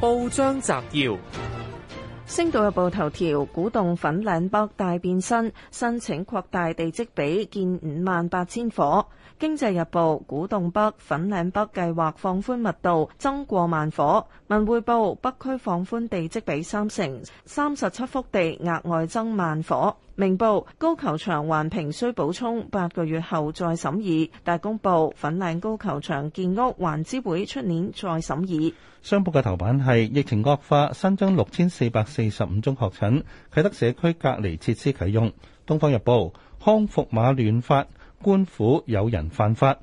報章摘要。星島日報頭條：古洞粉嶺北大變身，申請擴大地積比建五萬八千伙。經濟日報：古洞北粉嶺北計劃放寬密度，增過萬伙。文匯報：北區放寬地積比三成，三十七幅地額外增萬伙。明報：高球場環評需補充，八個月後再審議。大公報：粉嶺高球場建屋環諮會，出年再審議。商報嘅頭版係疫情惡化，新增六千四百四。二十五中確診，啟德社區隔離設施啟用。東方日報，康復碼亂發，官府有人犯法。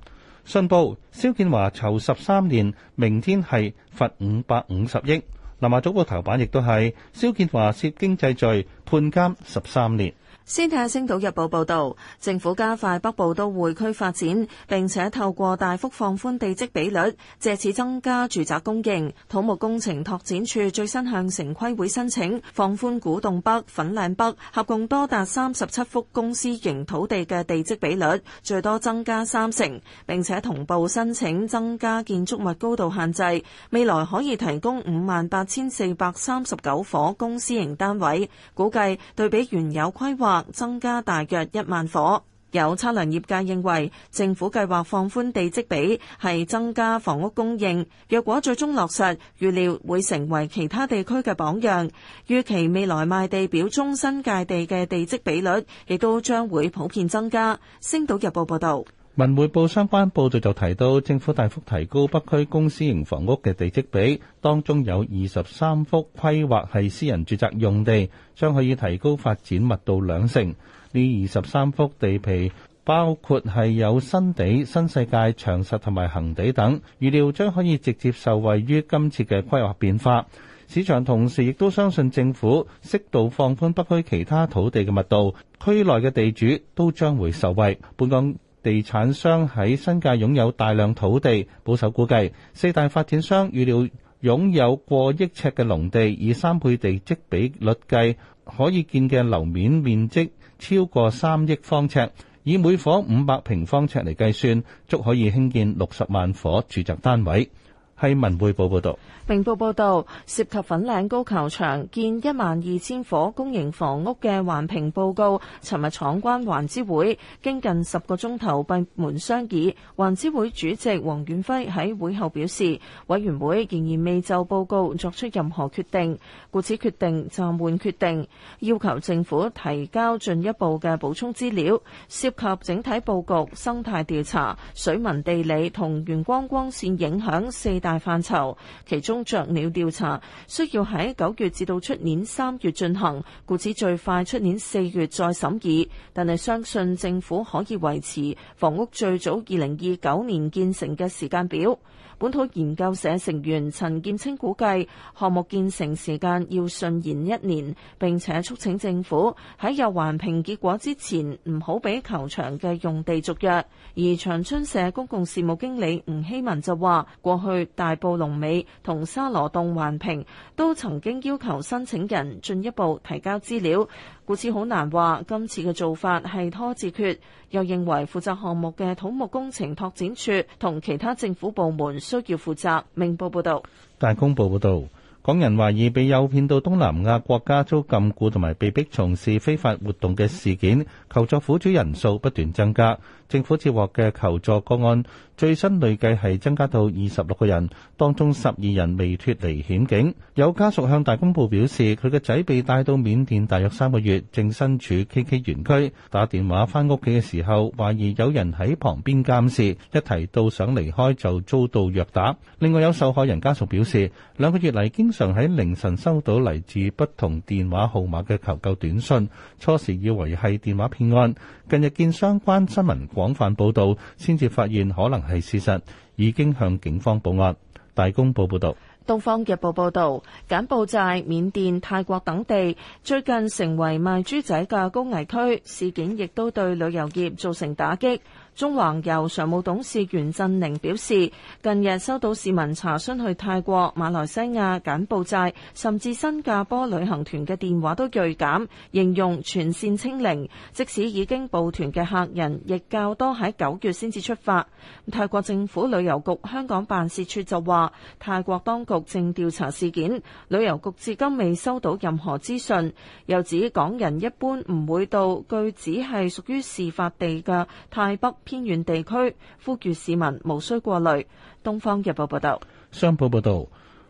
信報，蕭建華囚十三年，明天係罰五百五十億。南華早報頭版亦都係，蕭建華涉經濟罪判監十三年。先睇下《星島日報》報道，政府加快北部都會區發展，並且透過大幅放寬地積比率，借此增加住宅供應。土木工程拓展處最新向城規會申請放寬古洞北、粉嶺北合共多達三十七幅公私營土地嘅地積比率，最多增加三成，並且同步申請增加建築物高度限制，未來可以提供五萬八千四百三十九伙公私營單位。估計對比原有規劃，增加大約一萬伙，有測量業界認為政府計劃放寬地積比係增加房屋供應，若果最終落實，預料會成為其他地區嘅榜樣。預期未來賣地表中新界地嘅地積比率亦都將會普遍增加。星島日報報道。文匯報相關報道就提到，政府大幅提高北區公私營房屋嘅地積比，當中有二十三幅規劃係私人住宅用地，將可以提高發展密度兩成。呢二十三幅地皮包括係有新地、新世界、長實同埋恒地等，預料將可以直接受惠於今次嘅規劃變化。市場同時亦都相信政府適度放寬北區其他土地嘅密度，區內嘅地主都將會受惠。本港。地產商喺新界擁有大量土地，保守估計四大發展商預料擁有過億尺嘅農地，以三倍地積比率計，可以建嘅樓面面積超過三億方尺，以每伙五百平方尺嚟計算，足可以興建六十萬伙住宅單位。係文匯報報道，明報報道，涉及粉嶺高球場建一萬二千伙公營房屋嘅環評報告，尋日闖關環知會，經近十個鐘頭閉門商議，環知會主席黃遠輝喺會後表示，委員會仍然未就報告作出任何決定，故此決定暫緩決定，要求政府提交進一步嘅補充資料，涉及整體布局、生態調查、水文地理同陽光光線影響四。大範疇，其中雀鳥調查需要喺九月至到出年三月進行，故此最快出年四月再審議。但係相信政府可以維持房屋最早二零二九年建成嘅時間表。本土研究社成員陳劍青估計項目建成時間要順延一年，並且促請政府喺有環評結果之前唔好俾球場嘅用地續約。而長春社公共事務經理吳希文就話：過去大埔龍尾同沙羅洞環評都曾經要求申請人進一步提交資料，故此好難話今次嘅做法係拖字訣。又認為負責項目嘅土木工程拓展處同其他政府部門需要負責。明報報道。大公報報道，港人懷疑被誘騙到東南亞國家遭禁錮同埋被逼從事非法活動嘅事件，求助苦主人數不斷增加。政府接獲嘅求助個案最新累計係增加到二十六個人，當中十二人未脫離險境。有家屬向大公報表示，佢嘅仔被帶到緬甸大約三個月，正身處 K.K. 園區。打電話返屋企嘅時候，懷疑有人喺旁邊監視。一提到想離開就遭到虐打。另外有受害人家屬表示，兩個月嚟經常喺凌晨收到嚟自不同電話號碼嘅求救短信，初時以為係電話騙案，近日見相關新聞廣泛報道，先至發現可能係事實，已經向警方報案。大公報報道，東方日報報道，柬埔寨、緬甸、泰國等地最近成為賣豬仔嘅高危區，事件亦都對旅遊業造成打擊。中華油常務董事袁振寧表示，近日收到市民查詢去泰國、馬來西亞、柬埔寨，甚至新加坡旅行團嘅電話都巨減，形容全線清零。即使已經報團嘅客人，亦較多喺九月先至出發，泰國政府旅遊局香港辦事處就話泰國當局正調查事件，旅遊局至今未收到任何資訊，又指港人一般唔會到，據指係屬於事發地嘅泰北。偏遠地區呼籲市民無需過慮。東方日報報道，商報報道，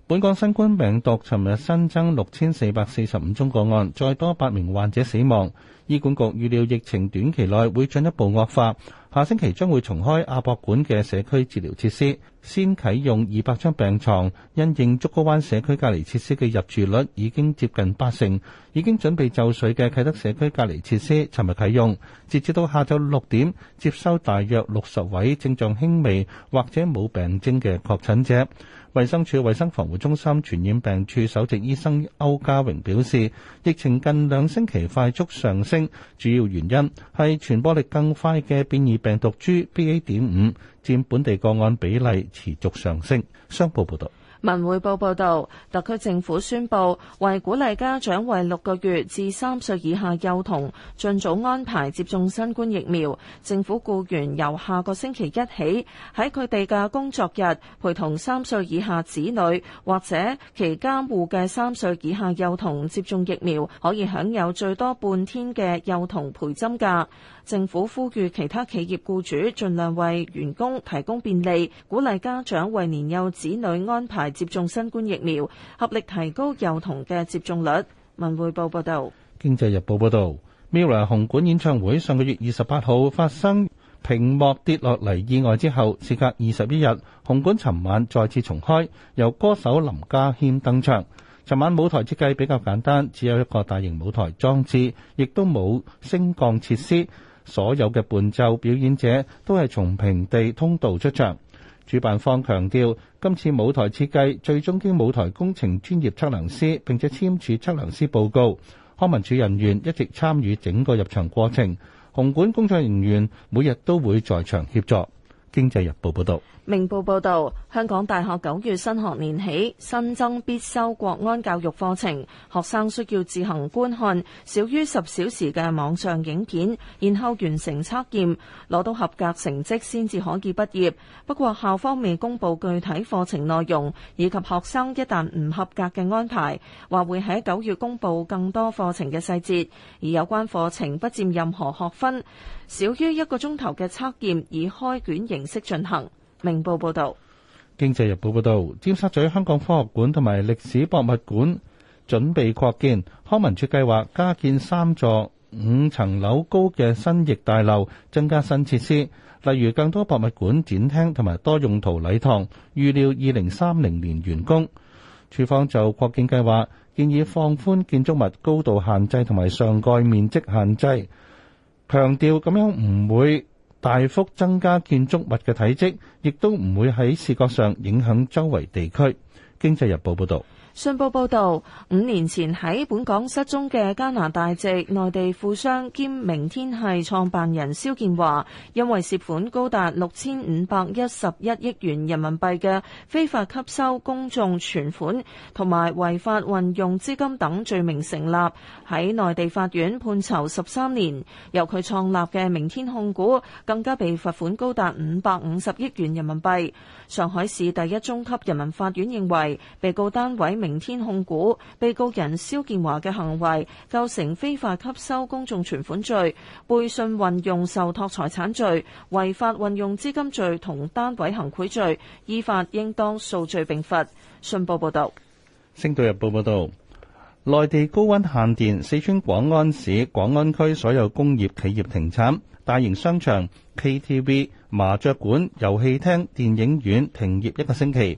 本港新冠病毒尋日新增六千四百四十五宗個案，再多八名患者死亡。醫管局預料疫情短期內會進一步惡化。下星期將會重開亞博館嘅社區治療設施，先啟用二百張病床。因應竹篙灣社區隔離設施嘅入住率已經接近八成，已經準備就緒嘅啟德社區隔離設施，尋日啟用，截至到下晝六點接收大約六十位症狀輕微或者冇病徵嘅確診者。衛生署衛生防護中心傳染病處首席醫生歐家榮表示，疫情近兩星期快速上升，主要原因係傳播力更快嘅變異病毒株 B A. 點五佔本地個案比例持續上升。商報報道。文匯報報道，特區政府宣布，為鼓勵家長為六個月至三歲以下幼童盡早安排接種新冠疫苗，政府僱員由下個星期一起喺佢哋嘅工作日陪同三歲以下子女或者其監護嘅三歲以下幼童接種疫苗，可以享有最多半天嘅幼童陪針假。政府呼籲其他企業僱主盡量為員工提供便利，鼓勵家長為年幼子女安排。接種新冠疫苗，合力提高幼童嘅接種率。文匯報報道，經濟日報報道，MIRROR 紅館演唱會上個月二十八號發生屏幕跌落嚟意外之後，事隔二十一日，紅館尋晚再次重開，由歌手林家謙登場。尋晚舞台設計比較簡單，只有一個大型舞台裝置，亦都冇升降設施，所有嘅伴奏表演者都係從平地通道出場。主辦方強調，今次舞台設計最終經舞台工程專業測量師，並且簽署測量師報告。康文署人員一直參與整個入場過程，紅館工作人員每日都會在場協助。經濟日報報導。明報報道，香港大學九月新學年起新增必修國安教育課程，學生需要自行觀看少於十小時嘅網上影片，然後完成測驗，攞到合格成績先至可以畢業。不過校方未公布具體課程內容以及學生一旦唔合格嘅安排，話會喺九月公布更多課程嘅細節。而有關課程不佔任何學分，少於一個鐘頭嘅測驗以開卷形式進行。明報報道，經濟日報報道，尖沙咀香港科學館同埋歷史博物館準備擴建，康文署計劃加建三座五層樓高嘅新翼大樓，增加新設施，例如更多博物館展廳同埋多用途禮堂。預料二零三零年完工。署方就擴建計劃建議放寬建築物高度限制同埋上蓋面積限制，強調咁樣唔會。大幅增加建築物嘅體積，亦都唔會喺視覺上影響周圍地區。經濟日報報道。信報報導，五年前喺本港失蹤嘅加拿大籍內地富商兼明天系創辦人肖建華，因為涉款高達六千五百一十一億元人民幣嘅非法吸收公眾存款同埋違法運用資金等罪名成立，喺內地法院判囚十三年。由佢創立嘅明天控股更加被罰款高達五百五十億元人民幣。上海市第一中級人民法院認為，被告單位。明天控股被告人肖建華嘅行為構成非法吸收公眾存款罪、背信運用受託財產罪、違法運用資金罪同單位行賄罪，依法應當數罪併罰。信報報道，星島日報報道，內地高温限電，四川廣安市廣安區所有工業企業停產，大型商場、KTV、麻雀館、遊戲廳、電影院停業一個星期。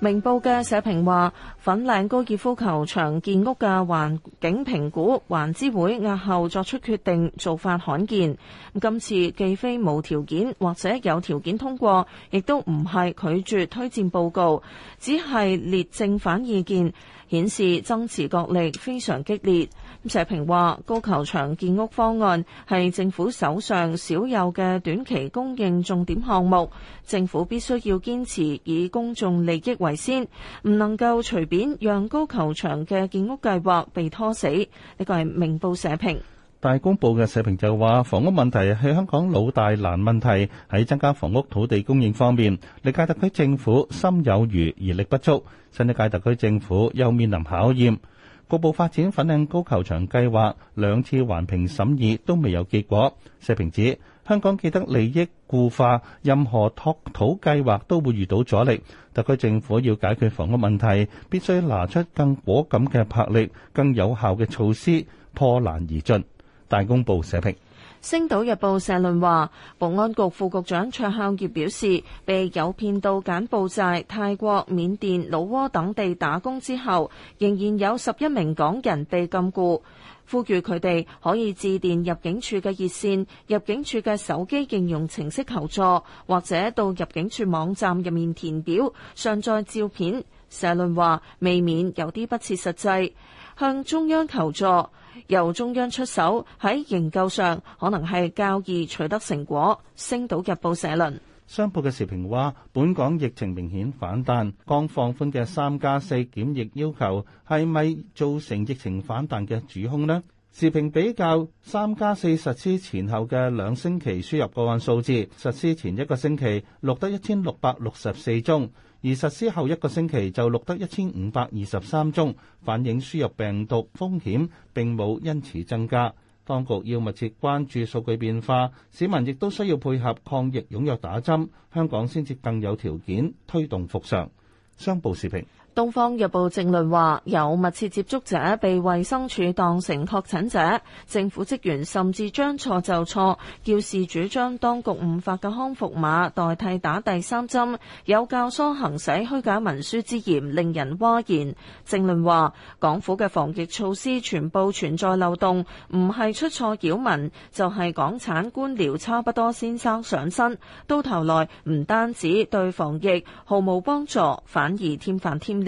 明報嘅社評話：粉嶺高爾夫球場建屋嘅環境評估環諮會押後作出決定，做法罕見。今次既非無條件或者有條件通過，亦都唔係拒絕推薦報告，只係列正反意見，顯示爭持角力非常激烈。社評話高球場建屋方案係政府手上少有嘅短期供應重點項目，政府必須要堅持以公眾利益為先，唔能夠隨便讓高球場嘅建屋計劃被拖死。呢個係明報社評。大公報嘅社評就話，房屋問題係香港老大難問題，喺增加房屋土地供應方面，歷屆特區政府心有餘而力不足，新一屆特區政府又面臨考驗。局部發展粉嶺高球場計劃兩次環評審議都未有結果，社評指香港既得利益固化，任何拓土計劃都會遇到阻力。特區政府要解決房屋問題，必須拿出更果敢嘅魄力、更有效嘅措施，破難而進。大公報社評。《星島日報》社論話，保安局副局長卓孝業表示，被誘騙到柬埔寨、泰國、緬甸、老撾等地打工之後，仍然有十一名港人被禁錮，呼籲佢哋可以致電入境處嘅熱線、入境處嘅手機應用程式求助，或者到入境處網站入面填表上載照片。社論話，未免有啲不切實際。向中央求助，由中央出手喺研究上，可能係較易取得成果。星島日報社論。商報嘅時評話，本港疫情明顯反彈，剛放寬嘅三加四檢疫要求係咪造成疫情反彈嘅主兇呢？時評比較，三加四實施前後嘅兩星期輸入個案數字，實施前一個星期錄得一千六百六十四宗。而實施後一個星期就錄得一千五百二十三宗，反映輸入病毒風險並冇因此增加。當局要密切關注數據變化，市民亦都需要配合抗疫踴躍打針，香港先至更有條件推動復常。商報視頻。《東方日報》政論話有密切接觸者被衛生署當成確診者，政府職員甚至將錯就錯，叫事主將當局誤發嘅康復碼代替打第三針，有教唆行使虛假文書之嫌，令人嘩然。政論話港府嘅防疫措施全部存在漏洞，唔係出錯擾民，就係港產官僚差不多先生上身。到頭來唔單止對防疫毫無幫助，反而添煩添亂。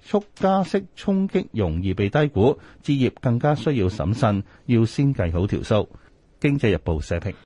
速加息衝擊容易被低估，置業更加需要審慎，要先計好條數。經濟日報社評。